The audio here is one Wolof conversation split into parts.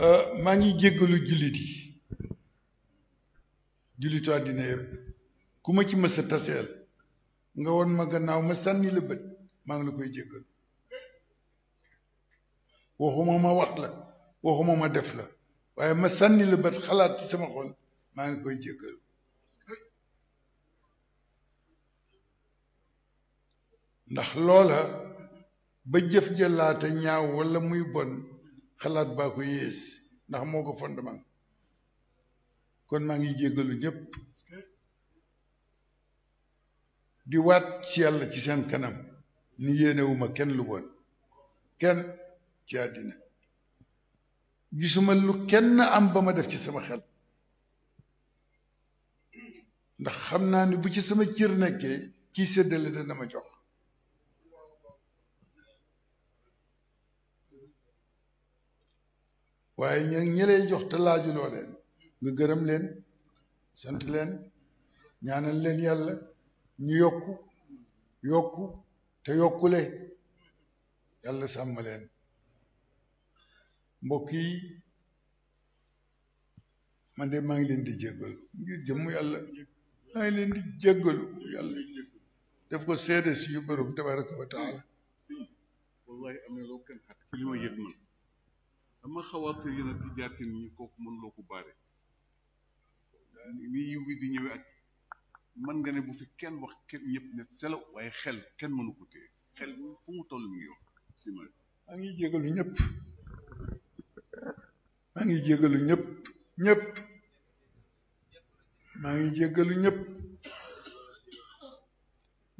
Euh, maa ngi jéggalu jullit yi jullitu àddina ku ma ci mës a taseel nga woon ma gannaaw ma sànni la bët maa ngi la koy jéggalu waxuma ma wax la waxuma ma def la waaye ma sànni la bët xalaat ci sama xol maa ngi koy jéggalu ndax loola ba jëf jëlaate ñaaw walla muy bon xalaat baa ko yées ndax moo ko fondement kon maa ngi jéggalu ñëpp di waat ci yàlla ci seen kanam ni yéenewuma kenn lu bon kenn ci àddina gisuma lu kenn am ba ma def ci sama xel ndax xam naa ni bu ci sama cër nekkee kiy séddale dana ma jox waaye ña ñi lay jox te laajuloo leen nga gërëm leen sant leen ñaanal leen yàlla ñu yokk yokku te yokkule yàlla sàmm leen mbokk yi man de maa ngi leen di jéggalu ngir jëmm yàlla maa ngi leen di jéggalu yàlla def ko seede suñu borom tabaraka wa taala wallahi dama xaw a tëye nag ci ñi kooku mënuloo ko baare man nga ne bu fi kenn wax kenn ñëpp ne selaw waaye xel kenn mënu ko téye xel ngi wax maa ngi jégalu ñëpp maa ngi jégalu ñëpp maa ngi jégalu ñëpp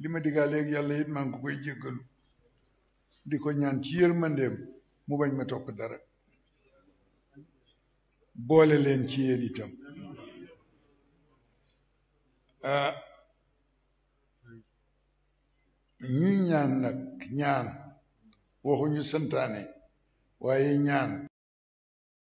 li ma digaa léegi yàlla yit maa ngi ko koy jégalu di ko ñaan ci yërmandeem mu bañ ma topp dara boole leen ci yéen itam ah, ñu ñaan nag ñaan waxuñu santaane waaye ñaan